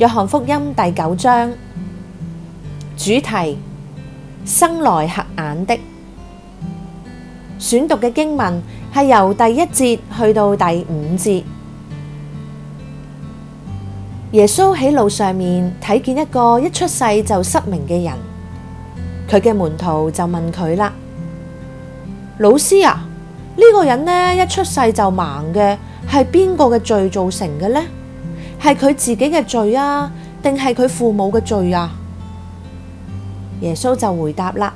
約翰福音第九章，主題，生來瞎眼的。選讀嘅經文係由第一節去到第五節。耶穌喺路上面睇見一個一出世就失明嘅人，佢嘅門徒就問佢啦：「老師啊，呢、呢個人呢，一出世就盲嘅，係邊個嘅罪造成嘅呢？」係佢自己嘅罪啊，定係佢父母嘅罪啊？耶穌就回答啦：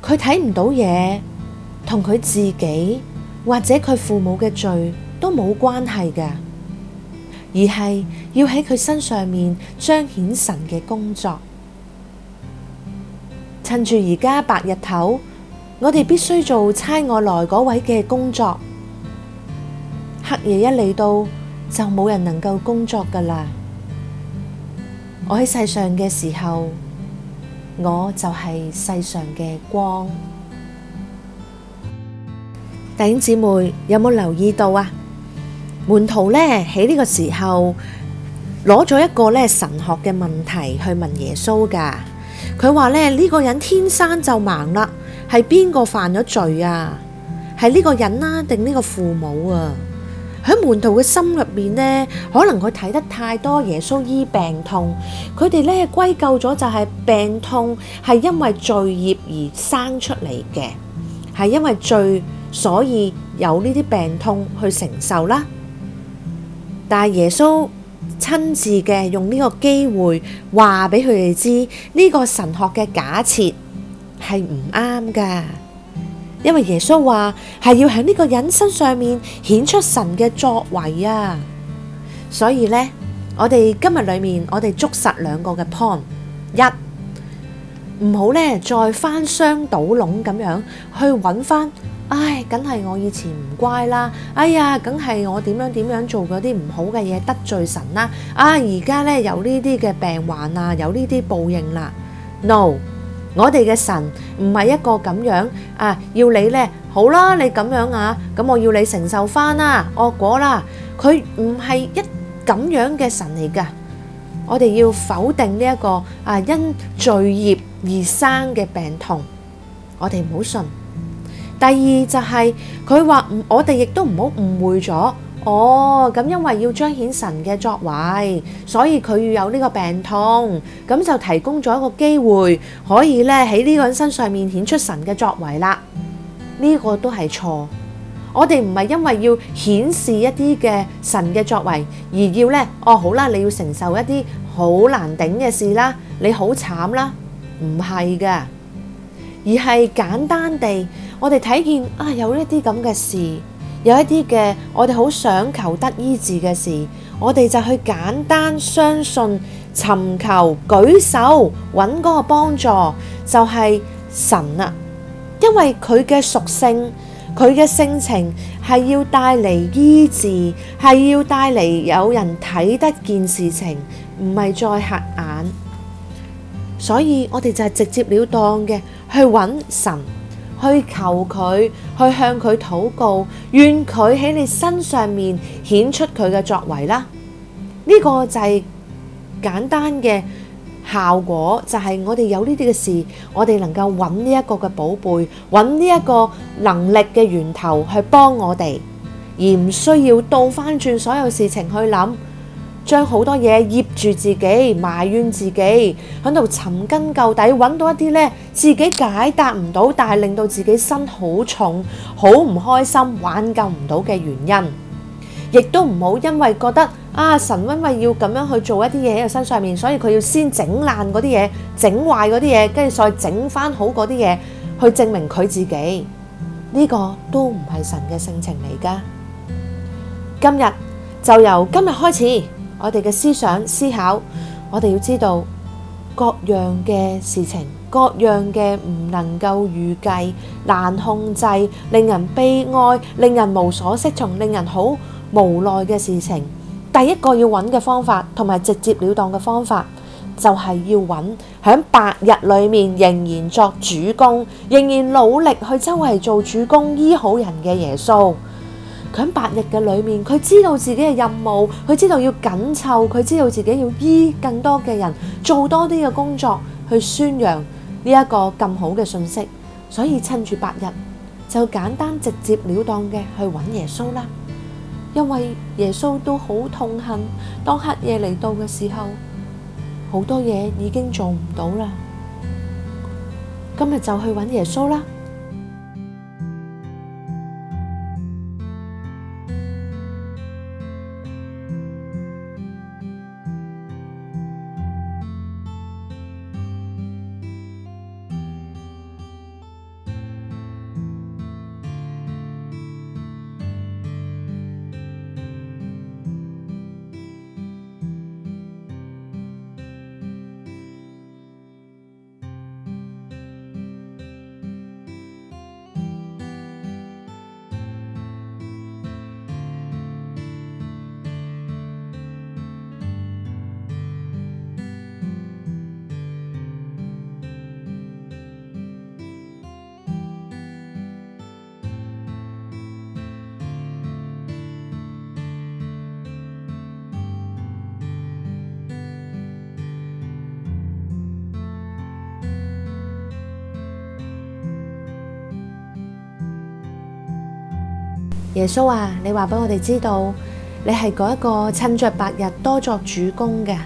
佢睇唔到嘢，同佢自己或者佢父母嘅罪都冇關係嘅，而係要喺佢身上面彰顯神嘅工作。趁住而家白日頭，我哋必須做差外來嗰位嘅工作。黑夜一嚟到。就冇人能夠工作噶啦！我喺世上嘅時候，我就係世上嘅光。弟兄姊妹有冇留意到啊？門徒呢，喺呢個時候攞咗一個咧神學嘅問題去問耶穌噶。佢話咧，呢個人天生就盲啦，係邊個犯咗罪啊？係呢個人啊，定呢個父母啊？喺門徒嘅心入面，呢可能佢睇得太多耶穌醫病痛，佢哋咧歸咎咗就係病痛係因為罪孽而生出嚟嘅，係因為罪，所以有呢啲病痛去承受啦。但係耶穌親自嘅用呢個機會話俾佢哋知，呢個神學嘅假設係唔啱噶。因為耶穌話係要喺呢個人身上面顯出神嘅作為啊，所以呢，我哋今日裏面我哋捉實兩個嘅 point，一唔好呢再翻箱倒籠咁樣去揾翻，唉，梗係我以前唔乖啦，哎呀，梗係我點樣點樣做嗰啲唔好嘅嘢得罪神啦，啊，而家呢有呢啲嘅病患啊，有呢啲報應啦，no。我哋嘅神唔係一個咁樣啊，要你呢，好啦，你咁樣啊，咁我要你承受返啦惡果啦，佢唔係一咁樣嘅神嚟㗎。我哋要否定呢、這、一個啊，因罪孽而生嘅病痛，我哋唔好信。第二就係佢話唔，我哋亦都唔好誤會咗。哦，咁因為要彰顯神嘅作為，所以佢要有呢個病痛，咁就提供咗一個機會，可以咧喺呢個人身上面顯出神嘅作為啦。呢個都係錯，我哋唔係因為要顯示一啲嘅神嘅作為，而要呢。哦好啦，你要承受一啲好難頂嘅事啦，你好慘啦，唔係噶，而係簡單地，我哋睇見啊，有一啲咁嘅事。有一啲嘅，我哋好想求得醫治嘅事，我哋就去簡單相信、尋求、舉手、揾嗰個幫助，就係、是、神啊！因為佢嘅屬性、佢嘅性情係要帶嚟醫治，係要帶嚟有人睇得見事情唔係再瞎眼，所以我哋就係直接了當嘅去揾神，去求佢，去向佢禱告，願佢喺你身上面顯出佢嘅作為啦。呢個就係簡單嘅效果，就係我哋有呢啲嘅事，我哋能夠揾呢一個嘅寶貝，揾呢一個能力嘅源頭去幫我哋，而唔需要倒翻轉所有事情去諗。將好多嘢醃住自己，埋怨自己，喺度尋根究底，揾到一啲呢自己解答唔到，但係令到自己心好重、好唔開心、挽救唔到嘅原因，亦都唔好因為覺得啊神因為要咁樣去做一啲嘢喺佢身上面，所以佢要先整爛嗰啲嘢，整壞嗰啲嘢，跟住再整翻好嗰啲嘢，去證明佢自己呢，這個都唔係神嘅性情嚟噶。今日就由今日開始。我哋嘅思想思考，我哋要知道各樣嘅事情，各樣嘅唔能夠預計、難控制、令人悲哀、令人無所適從、令人好無奈嘅事情，第一個要揾嘅方法，同埋直接了當嘅方法，就係要揾響白日裏面仍然作主工、仍然努力去周圍做主工醫好人嘅耶穌。喺白日嘅裏面，佢知道自己嘅任務，佢知道要緊湊，佢知道自己要醫更多嘅人，做多啲嘅工作去宣揚呢一個更好嘅信息，所以趁住白日就簡單直接了當嘅去揾耶穌啦。因為耶穌都好痛恨當黑夜嚟到嘅時候，好多嘢已經做唔到啦。今日就去揾耶穌啦。耶穌啊，你話俾我哋知道，你係嗰一個趁着白日多作主工嘅，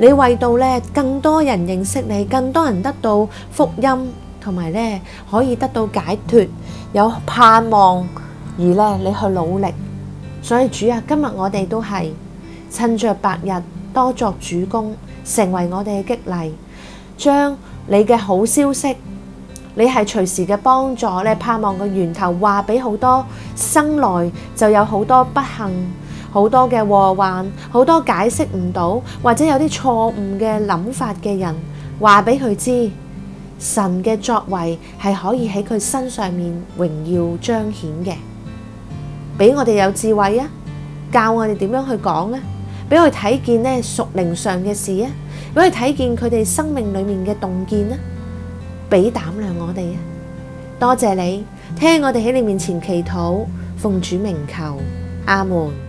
你為到咧更多人認識你，更多人得到福音，同埋咧可以得到解脱，有盼望而咧你去努力。所以主啊，今日我哋都係趁着白日多作主工，成為我哋嘅激勵，將你嘅好消息。你係隨時嘅幫助，你盼望個源頭，話俾好多生來就有好多不幸、好多嘅禍患、好多解釋唔到或者有啲錯誤嘅諗法嘅人，話俾佢知神嘅作為係可以喺佢身上面榮耀彰顯嘅，俾我哋有智慧啊，教我哋點樣去講呢，俾佢睇見呢屬靈上嘅事啊，俾佢睇見佢哋生命裏面嘅洞見啊，俾膽量。多謝你，聽我哋喺你面前祈禱，奉主名求，阿門。